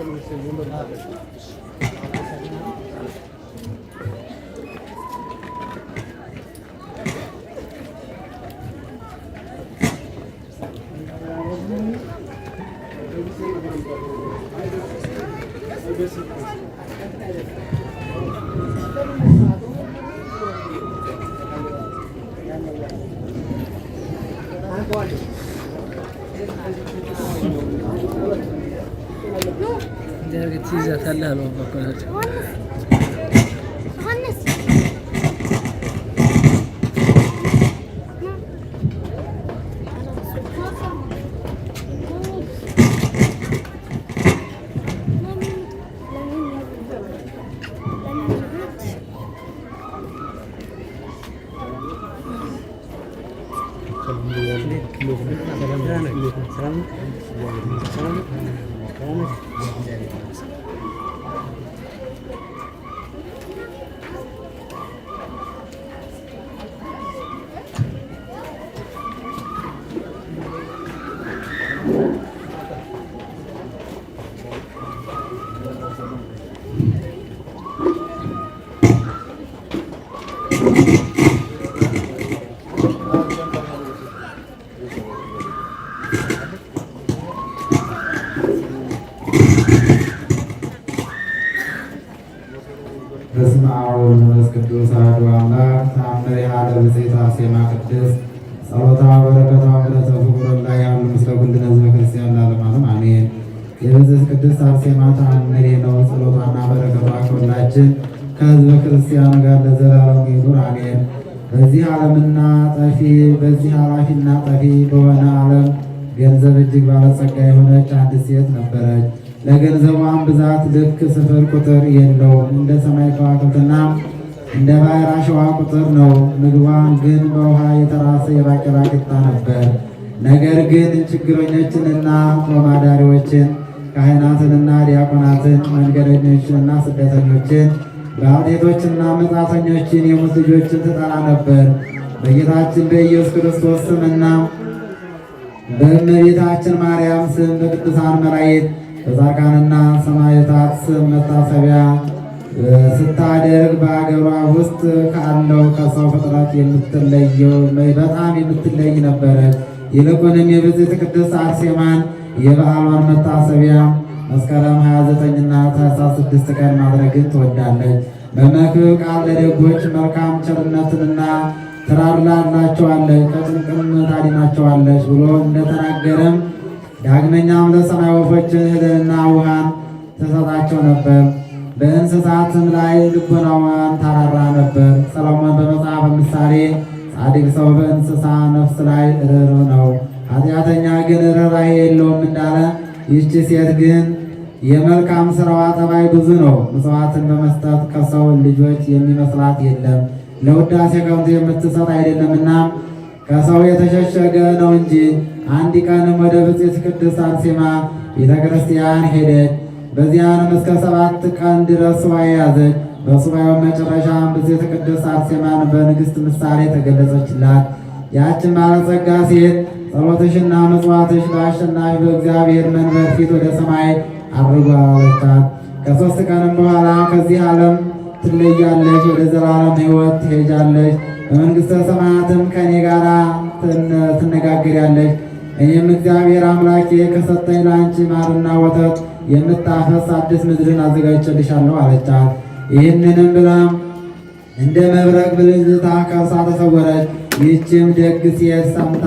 Estamos na é segunda. الله لو فكرت Selam. Selam. Selam. Selam. በስመ አብ ወመንፈስ ቅዱስ አሐዱ አምላክ ተአምር ያለ ብዜታ ሴማ ቅድስ ጸሎታ በረከታ ምሕረተ ፍቁር ላይ ያሉ ምስለ ኩልነ ህዝበ ክርስቲያን ለዓለማለም አሜን። የብፅዕት ቅድስት አርሴማ ተአምሬ ነው። ጸሎቷና በረከቷ ከሁላችን ከህዝበ ክርስቲያኑ ጋር ለዘላለሙ ይኑር አሜን። በዚህ ዓለምና ጠፊ በዚህ ኃላፊና ጠፊ በሆነ ዓለም ገንዘብ እጅግ ባለጸጋ የሆነች አንዲት ሴት ነበረች። ለገንዘቧን ብዛት ልክ ስፍር ቁጥር የለውም። እንደ ሰማይ ከዋክብትና እንደ ባህር አሸዋ ቁጥር ነው። ምግቧን ግን በውሃ የተራሰ የባቄላ ቂጣ ነበር። ነገር ግን ችግረኞችንና ጦም ካህናትንና ዲያቆናትን መንገደኞችንና ስደተኞችን ባልቴቶችና መጻተኞችን የሙት ልጆችን ትጠላ ነበር። በጌታችን በኢየሱስ ክርስቶስ ስምና በእመቤታችን ማርያም ስም በቅዱሳን መላእክት በጻድቃንና ሰማዕታት ስም መታሰቢያ ስታደርግ በአገሯ ውስጥ ካለው ከሰው ፍጥረት የምትለየው በጣም የምትለይ ነበረች። ይልቁንም የብፅዕት ቅድስት አርሴማን የበዓሏን መታሰቢያ መስከረም 29 እና ታኅሳስ ቀን ማድረግን ትወዳለች። በመክብብ ቃል ለደጎች መልካም ቸርነትንና ትራር ላላቸዋለች ከጭንቅም ታድናቸዋለች ብሎ እንደተናገረም ዳግመኛም ለሰማይ ወፎች እህልና ውሃን ትሰጣቸው ነበር፣ በእንስሳትም ላይ ልቦናዋን ታራራ ነበር። ሰሎሞን በመጽሐፈ ምሳሌ ጻድቅ ሰው በእንስሳ ነፍስ ላይ ርር ነው፣ ኃጢአተኛ ግን ርራይ የለውም እንዳለ፣ ይህች ሴት ግን የመልካም ስራዋ ጠባይ ብዙ ነው። ምጽዋትን በመስጠት ከሰው ልጆች የሚመስላት የለም፣ ለውዳሴ ከንቱ የምትሰጥ አይደለምና ከሰው የተሸሸገ ነው እንጂ። አንድ ቀንም ወደ ብጽዕት ቅድስት አርሴማ ቤተ ክርስቲያን ሄደች። በዚያንም እስከ ሰባት ቀን ድረስ ሱባኤ ያዘች። በሱባኤው መጨረሻም ብጽዕት ቅድስት አርሴማን በንግሥት ምሳሌ ተገለጸችላት። ያችን ባለጸጋ ሴት ጸሎትሽና ምጽዋትሽ በአሸናፊ በእግዚአብሔር መንበር ፊት ወደ ሰማይ አድርጓለቻት። ከሦስት ቀንም በኋላ ከዚህ ዓለም ትለያለች፣ ወደ ዘላለም ሕይወት ትሄጃለች በመንግሥተ ሰማያትም ከእኔ ጋር ትነጋገሪያለች። እኔም እግዚአብሔር አምላኬ ከሰጠኝ ለአንቺ ማርና ወተት የምታፈስ አዲስ ምድርን አዘጋጅቼልሻለሁ አለቻት። ይህንንም ብላም እንደ መብረቅ ብልዝታ ከእርሷ ተሰወረች። ይህችም ደግ ሴት ሰምታ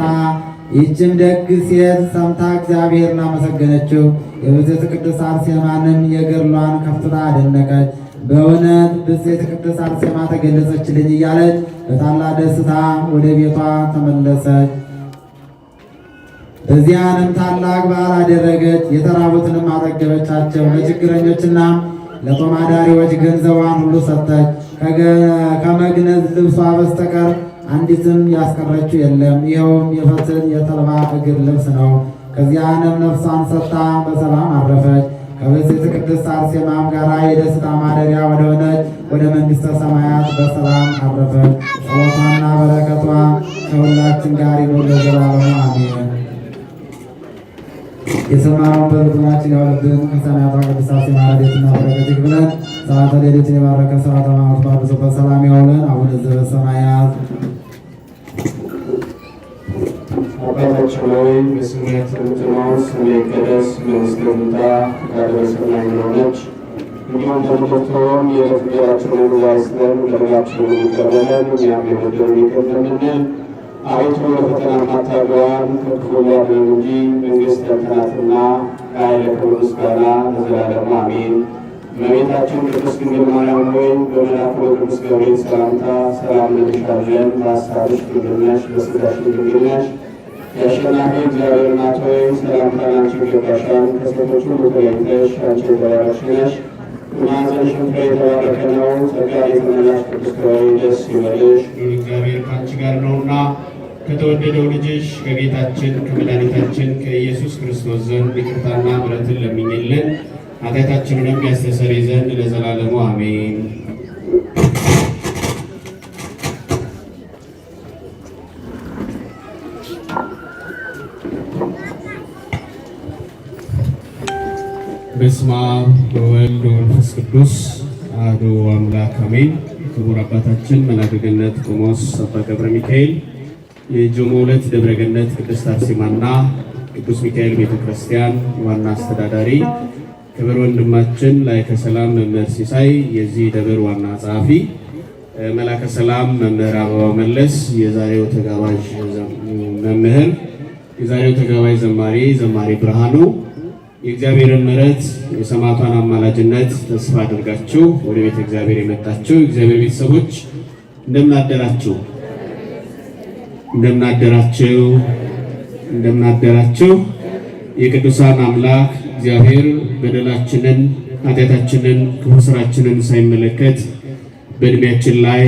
ይህችም ደግ ሴት ሰምታ እግዚአብሔርን አመሰገነችው። የብዝት ቅዱስ አርሴማንም የገድሏን ከፍታ አደነቀች። በእውነት ብጽዕት ቅድስት አርሴማ ተገለጸችልኝ እያለች በታላቅ ደስታ ወደ ቤቷ ተመለሰች። በዚያንም ታላቅ በዓል አደረገች። የተራቡትንም አጠገበቻቸው። ለችግረኞችና ለጦማዳሪዎች ገንዘቧን ሁሉ ሰጠች። ከመግነዝ ልብሷ በስተቀር አንዲትም ያስቀረችው የለም። ይኸውም የፈትል የተልባ እግር ልብስ ነው። ከዚያንም ነፍሷን ሰጥታ በሰላም አረፈች። ከብጽዕት ቅድስት አርሴማም ጋራ የደስታ ማደሪያ ወደሆነች ወደ መንግሥተ ሰማያት በሰላም አረፈች። ጸሎቷና በረከቷ ከሁላችን ጋር ይኑር ለዘላለሙ አሜን። የሰማነውን በልቡናችን ያውልብን። ከሰማያቷ ቅድስት አርሴማ ረድኤትና በረከት ይክብለን። ሰዓተ ሌሊትን የባረከ ሰዓተ ማዕት ባብዙ በሰላም ያውለን። አቡነ ዘበሰማያት አባቶች ሆይ በስሜት የምትኖር ስሜ ይቀደስ፣ መንግሥትህ ትምጣ፣ ፈቃድህ በሰማይ እንደሆነች እንዲሁም ተመቶተውን የዕለት እንጀራችንን ሁሉ ዛሬ ስጠን፣ በደላችንን ይቅር በለን እኛም የበደሉንን ይቅር እንደምንል። አቤቱ ወደ አታግባን ከክፉ አድነን እንጂ መንግሥት ያንተ ናትና ኃይል፣ ክብር፣ ምስጋና ለዘላለሙ አሜን። እመቤታችን ቅድስት ድንግል ማርያም ሆይ በመልአኩ በቅዱስ ገብርኤል ሰላምታ ሰላም ለንሻለን በሐሳብሽ ድንግል ነሽ፣ በሥጋሽ ድንግል ነሽ የአሸናፊ እግዚአብሔር እናት ሆይ ሰላምታ ላንቺ ይገባሻል። ከሴቶች ሁሉ ተለይተሽ አንቺ የተባረክሽ ነሽ፣ ማኅፀንሽም ፍሬ የተባረከ ነው። ጸጋን የተመላሽ ቅድስት ሆይ ደስ ይበልሽ፣ እግዚአብሔር ከአንቺ ጋር ነውና ከተወደደው ልጅሽ ከጌታችን ከመድኃኒታችን ከኢየሱስ ክርስቶስ ዘንድ ይቅርታና ምሕረትን ለምኝልን ኃጢአታችንንም ያስተሰርይ ዘንድ ለዘላለሙ አሜን። በስመ አብ ወወልድ ወመንፈስ ቅዱስ አሐዱ አምላክ አሜን። ክቡር አባታችን መላከ ገነት ቆሞስ አባ ገብረ ሚካኤል የጆሞ ዕለት ደብረ ገነት ቅድስት አርሴማና ቅዱስ ሚካኤል ቤተክርስቲያን ዋና አስተዳዳሪ፣ ክብር ወንድማችን ላይ ከሰላም መምህር ሲሳይ የዚህ ደብር ዋና ጸሐፊ፣ መላከ ሰላም መምህር አበባው መለስ የዛሬው ተጋባዥ መምህር፣ የዛሬው ተጋባዥ ዘማሪ ዘማሪ ብርሃኑ የእግዚአብሔርን ምሕረት የሰማዕቷን አማላጅነት ተስፋ አድርጋችሁ ወደ ቤተ እግዚአብሔር የመጣችሁ እግዚአብሔር ቤተሰቦች እንደምናደራችሁ እንደምናደራችሁ እንደምናደራችሁ የቅዱሳን አምላክ እግዚአብሔር በደላችንን፣ ኃጢአታችንን፣ ክፉ ስራችንን ሳይመለከት በእድሜያችን ላይ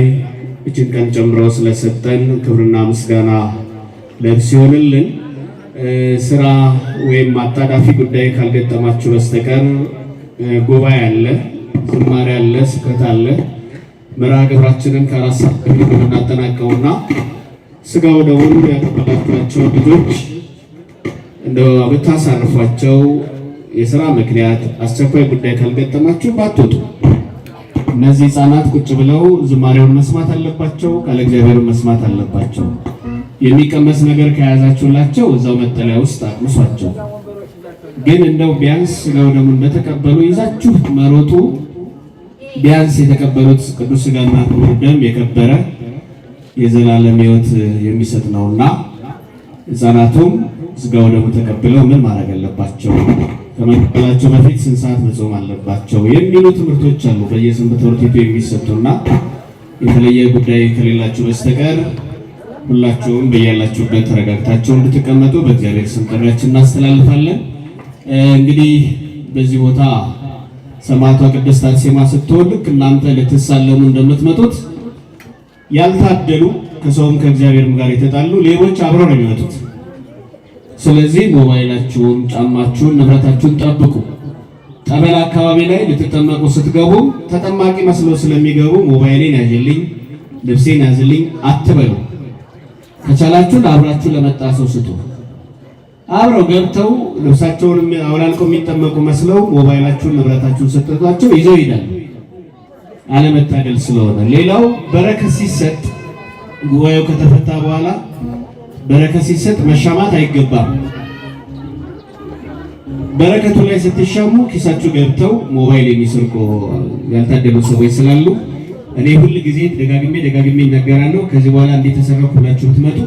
እችን ቀን ጨምሮ ስለሰጠን ክብርና ምስጋና ለብስ ይሆንልን። ስራ ወይም አጣዳፊ ጉዳይ ካልገጠማችሁ በስተቀር ጉባኤ አለ፣ ዝማሬ አለ፣ ስብከት አለ። መርሃ ግብራችንን ከአራት ሰዓት በፊት ስጋው ደውሉ ያቀበላችኋቸው ልጆች እንደ ብታሳርፏቸው፣ የስራ ምክንያት አስቸኳይ ጉዳይ ካልገጠማችሁ ባትወጡ። እነዚህ ህፃናት ቁጭ ብለው ዝማሬውን መስማት አለባቸው፣ ቃለ እግዚአብሔርን መስማት አለባቸው። የሚቀመስ ነገር ከያዛችሁላቸው እዛው መጠለያ ውስጥ አቅምሷቸው። ግን እንደው ቢያንስ ስጋው ደግሞ እንደተቀበሉ ይዛችሁ መሮጡ ቢያንስ የተቀበሉት ቅዱስ ስጋና ክቡር ደም የከበረ የዘላለም ሕይወት የሚሰጥ ነውና ሕፃናቱም ስጋው ደግሞ ተቀብለው ምን ማድረግ አለባቸው? ከመቀበላቸው በፊት ስንት ሰዓት መጾም አለባቸው? የሚሉ ትምህርቶች አሉ በየሰንበት ትምህርት ቤቱ የሚሰጡና የተለየ ጉዳይ ከሌላችሁ በስተቀር ሁላችሁም በያላችሁበት ተረጋግታችሁ እንድትቀመጡ በእግዚአብሔር ስም ጥሪያችን እናስተላልፋለን። እንግዲህ በዚህ ቦታ ሰማዕቷ ቅድስት አርሴማ ስትሆን ልክ እናንተ ልትሳለሙ እንደምትመጡት ያልታደሉ ከሰውም ከእግዚአብሔርም ጋር የተጣሉ ሌቦች አብረው ነው የሚመጡት። ስለዚህ ሞባይላችሁን፣ ጫማችሁን፣ ንብረታችሁን ጠብቁ። ጠበል አካባቢ ላይ ልትጠመቁ ስትገቡ ተጠማቂ መስሎ ስለሚገቡ ሞባይሌን ያዝልኝ፣ ልብሴን ያዝልኝ አትበሉ። ከቻላችሁ አብራችሁ ለመጣ ሰው ስጡ። አብረው ገብተው ልብሳቸውን አውላልቀው የሚጠመቁ መስለው ሞባይላችሁን፣ ንብረታችሁን ሰጥቷቸው ይዘው ይሄዳሉ። አለመታደል ስለሆነ ሌላው በረከት ሲሰጥ ጉባኤው ከተፈታ በኋላ በረከት ሲሰጥ መሻማት አይገባም። በረከቱ ላይ ስትሻሙ ኪሳችሁ ገብተው ሞባይል የሚሰርቁ ያልታደሉ ሰዎች ስላሉ እኔ ሁል ጊዜ ደጋግሜ ደጋግሜ እናገራለሁ ከዚህ በኋላ እንደተሰረኩ ሁላችሁ ብትመጡ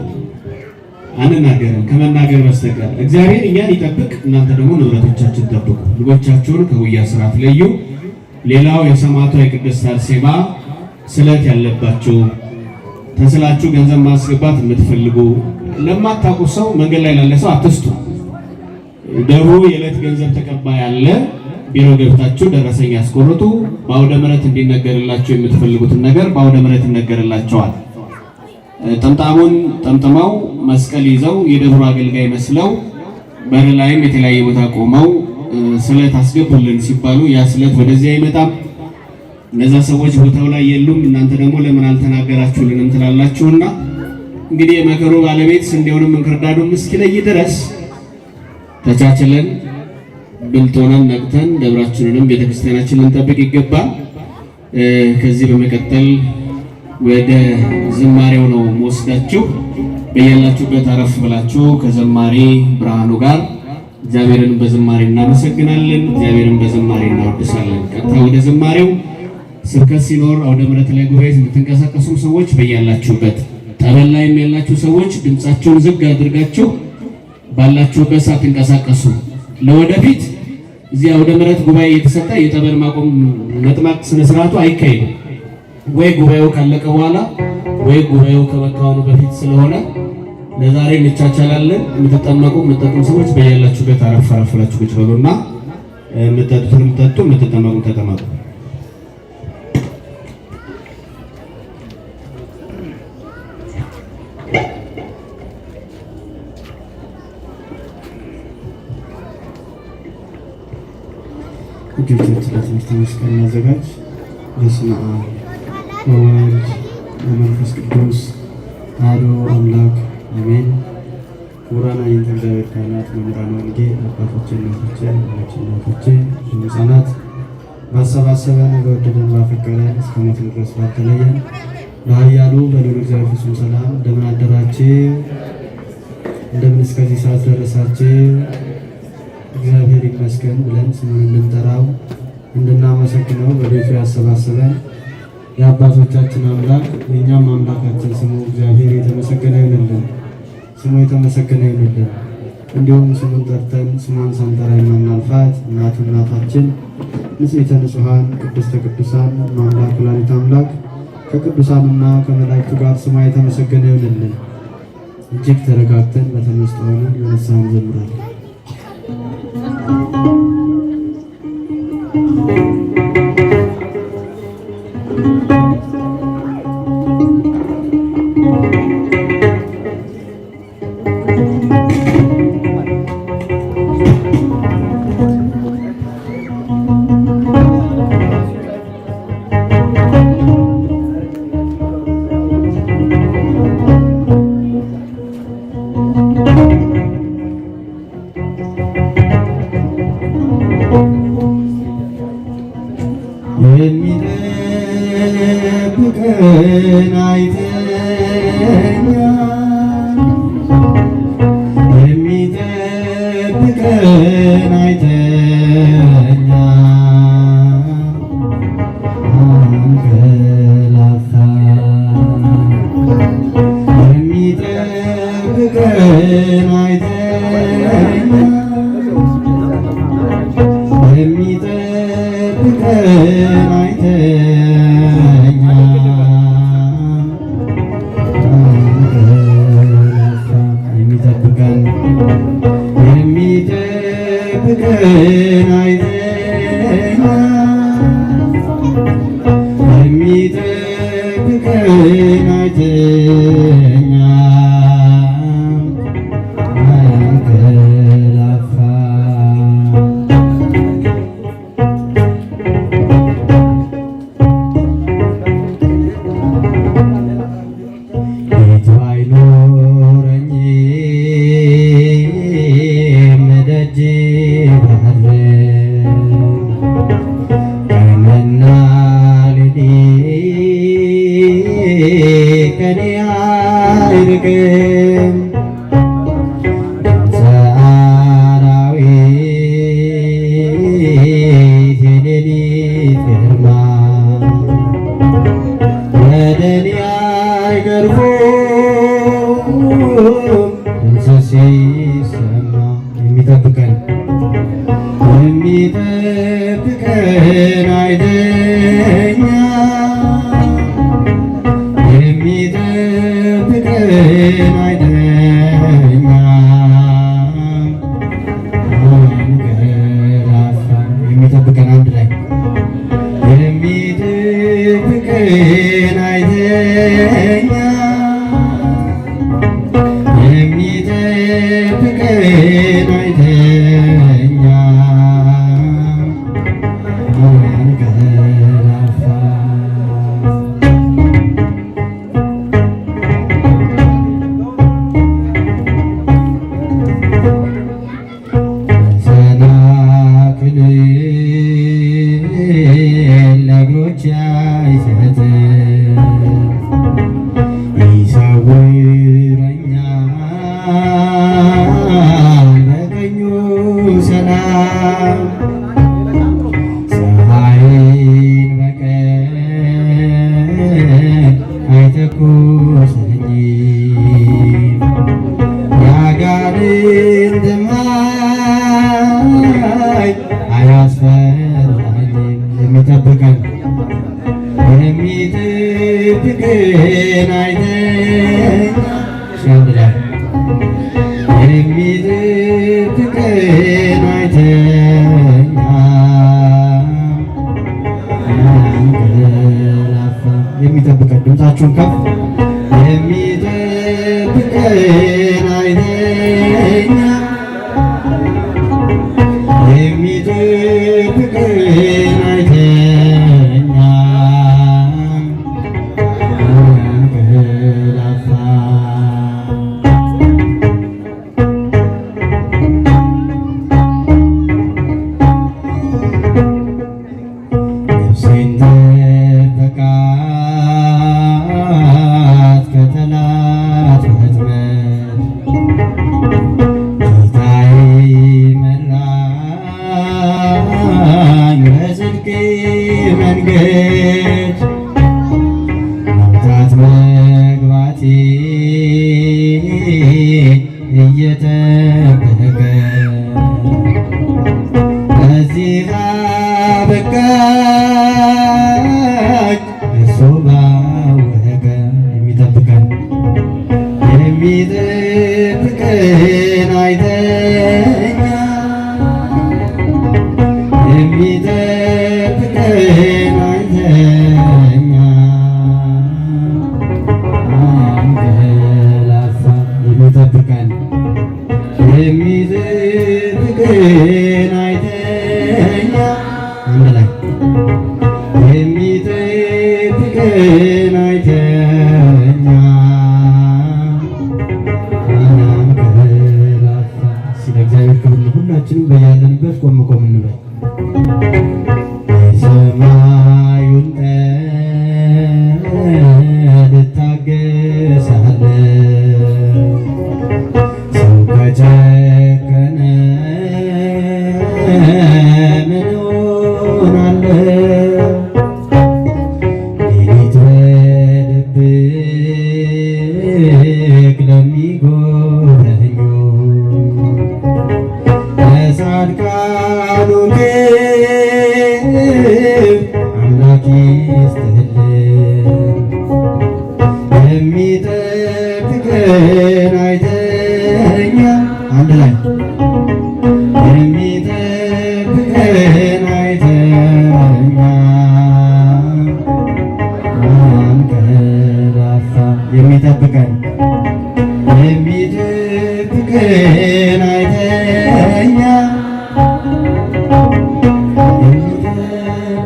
አንናገርም ከመናገር በስተቀር። እግዚአብሔር እኛን ይጠብቅ፣ እናንተ ደግሞ ንብረቶቻችን ጠብቁ። ልጆቻችሁን ከውያ ስርዓት ለዩ። ሌላው የሰማዕቷ የቅድስት አርሴማ ስለት ያለባችሁ ተስላችሁ ገንዘብ ማስገባት የምትፈልጉ ለማታውቁ ሰው መንገድ ላይ ላለ ሰው አትስጡ። ደሩ የዕለት ገንዘብ ተቀባይ አለ። ቢሮ ገብታችሁ ደረሰኝ ያስቆርጡ። በአውደ ምሕረት እንዲነገርላቸው የምትፈልጉትን ነገር በአውደ ምሕረት ይነገርላቸዋል። ጥምጣሙን ጠምጥመው መስቀል ይዘው የደብሩ አገልጋይ መስለው በር ላይም የተለያየ ቦታ ቆመው ስለት አስገቡልን ሲባሉ ያ ስለት ወደዚህ አይመጣም። እነዛ ሰዎች ቦታው ላይ የሉም። እናንተ ደግሞ ለምን አልተናገራችሁልንም ትላላችሁና እንግዲህ የመከሩ ባለቤት ስንዴውንም እንክርዳዱም እስኪለይ ድረስ ተቻችለን ብልቶንን ነቅተን ደብራችንንም ቤተክርስቲያናችን ልንጠብቅ ይገባል። ከዚህ በመቀጠል ወደ ዝማሬው ነው መወስዳችሁ። በያላችሁበት አረፍ ብላችሁ ከዘማሪ ብርሃኑ ጋር እግዚአብሔርን በዝማሬ እናመሰግናለን፣ እግዚአብሔርን በዝማሬ እናወድሳለን። ቀጥታ ወደ ዝማሬው ስብከት ሲኖር አውደ ምሕረት ላይ ጉባኤ የምትንቀሳቀሱ ሰዎች በያላችሁበት ጠበል ላይም ያላችሁ ሰዎች ድምፃቸውን ዝግ አድርጋችሁ ባላችሁበት ሳትንቀሳቀሱ ለወደፊት እዚያ ወደ ምሕረት ጉባኤ የተሰጠ የጠበል ማቆም መጥማቅ ስነ ስርዓቱ አይካሄድም ወይ ጉባኤው ካለቀ በኋላ ወይ ጉባኤው ከመካወኑ በፊት ስለሆነ ለዛሬ እንቻቻላለን። የምትጠመቁ የምትጠጡም ሰዎች በያላችሁበት አረፍ አረፍ ቁጭ በሉና የምትጠጡትን የምትጠጡ የምትጠመቁ ተጠመቁ። ልጆቻችን ለትምህርት መስቀል እናዘጋጅ። በስመ አብ ወወልድ ወመንፈስ ቅዱስ አሐዱ አምላክ አሜን። ክቡራን አይንት እግዚአብሔር ካህናት፣ መምህራን ወንጌል፣ አባቶቼ፣ እናቶቼ፣ ወንዶቼ፣ እናቶቼ፣ ህፃናት ባሰባሰበን በወደደን ባፈቀረን እስከ ሞት ድረስ ባተለየን በኃያሉ በልዑል እግዚአብሔር ፍጹም ሰላም እንደምን አደራችሁ? እንደምን እስከዚህ ሰዓት ደረሳችሁ? እግዚአብሔር ይመስገን ብለን ስሙን እንድንጠራው እንድናመሰግነው በቤቱ ያሰባስበን የአባቶቻችን አምላክ የእኛም አምላካችን ስሙ እግዚአብሔር የተመሰገነ ይሁንልን። ስሙ የተመሰገነ ይሁንልን። እንዲሁም ስሙን ጠርተን ስሟን ሳንጠራ የማናልፋት እናቱ እናታችን ንጽሕተ ንጹሐን ቅድስተ ቅዱሳን ማምላክ ወላዲተ አምላክ ከቅዱሳንና ከመላእክቱ ጋር ስሟ የተመሰገነ ይሁንልን። እጅግ ተረጋግተን በተመስጦ ሆነን ለንስሐ Thank you. নাই name night. bir de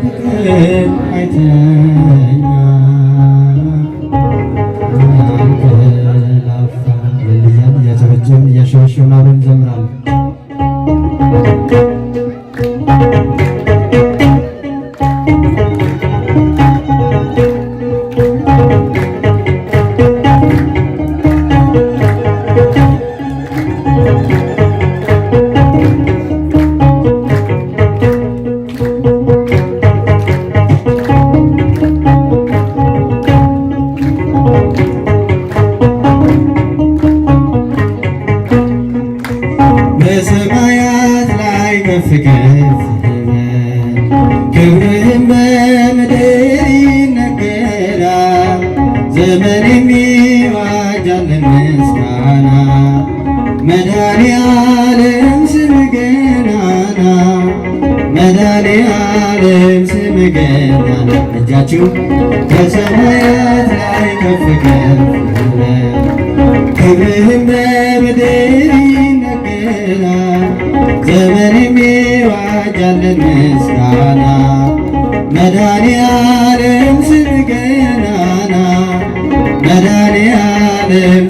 ፍቅር አይተኛ ዘመን የሚዋጃል ምስጋና መድኃኔዓለም ስም ገናና መድኃኔዓለም ስም ገናና እጃችሁ በሰማያት ላይ ከፍ ከፍ ክብርህም በምድር ይነገራል። ዘመን የሚዋጃል ምስጋና መድኃኔዓለም ዓለም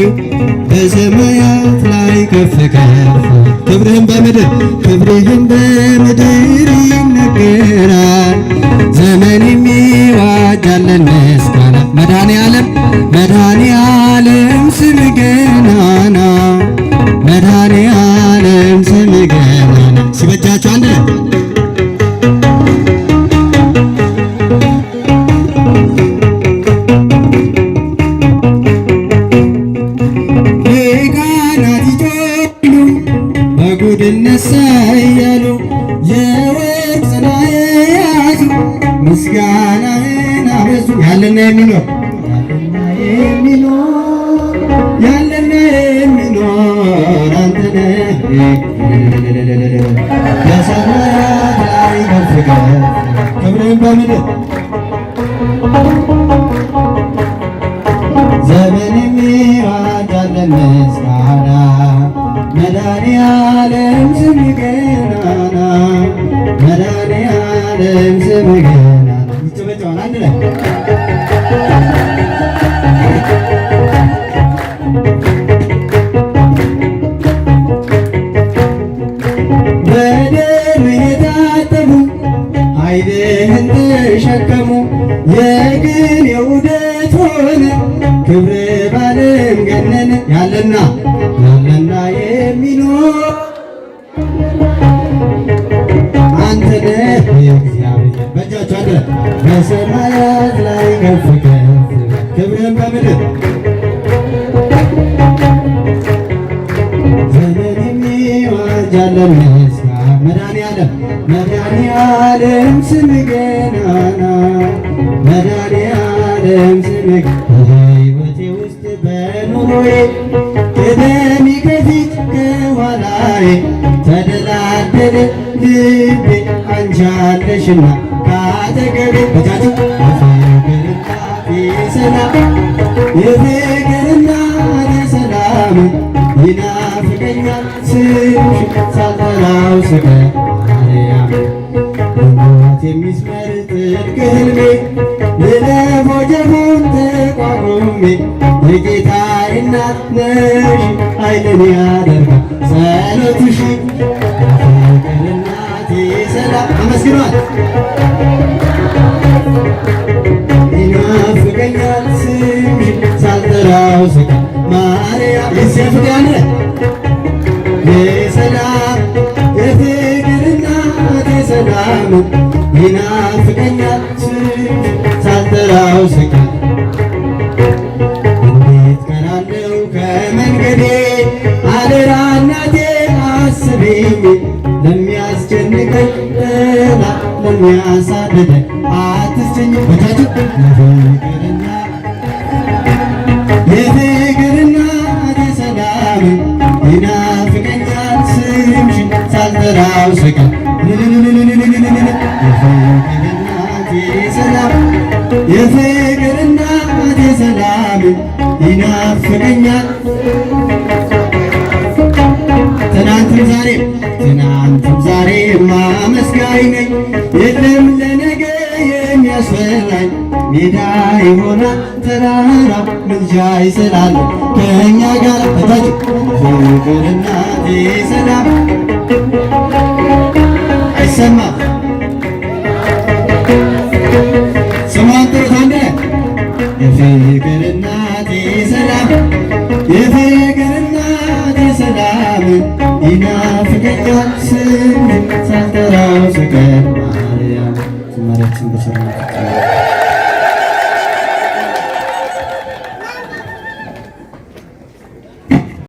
ያለችው በሰማያት ላይ ከፍ ከፍ ክብርህም በምድር ክብርህም በ ኑሮዬ ቀደም ከፊት ከኋላዬ ተደላደለ ልቤ አንቺ አለሽና ካጠገቤ በታቱ ሰላም የፍቅርና ሰላም ይናፍቀኛል ስምሽ ሳጠራው ስቀ ማርያም የሚስመር ጥልቅ ህልሜ ልለፎ ጀርሞን ተቋቁሜ የጌታ እናት ነሽ ኃይልን ያደርጋ ጸሎትሽ ፍቅር ሰላም አመስግኗል። ይናፍቀኛል ስምሽ ሳልጠራው ስጋ ማርያም የስፍጋነ የሰላም የፍቅር ሰላም ይናፍቀኛል ስምሽ ሳልጠራው ስጋ የሚያሳድድ አትስጭኝ ወዳጅ የፍቅርና የፍቅርና ሰላም ይናፍቀኛል ስምሽን ሳልጠራው ስጋ የፍቅርና ሰላም ይናፍቀኛል ትናንትም ዛሬም ትናንትም ዛሬም አመስጋኝ ነኝ ያስፈራል። ሜዳ ይሆናል ተራራ ግብዣ ይስላል። ከእኛ ጋር በታች ፍቅርና ሰላም አይሰማም ስማንጥርታንደ የፍቅርና ሰላም የፍቅርና ይናፍቀኛል ስም ሳልጠራው ስቀር 말씀 주시는 것 같습니다.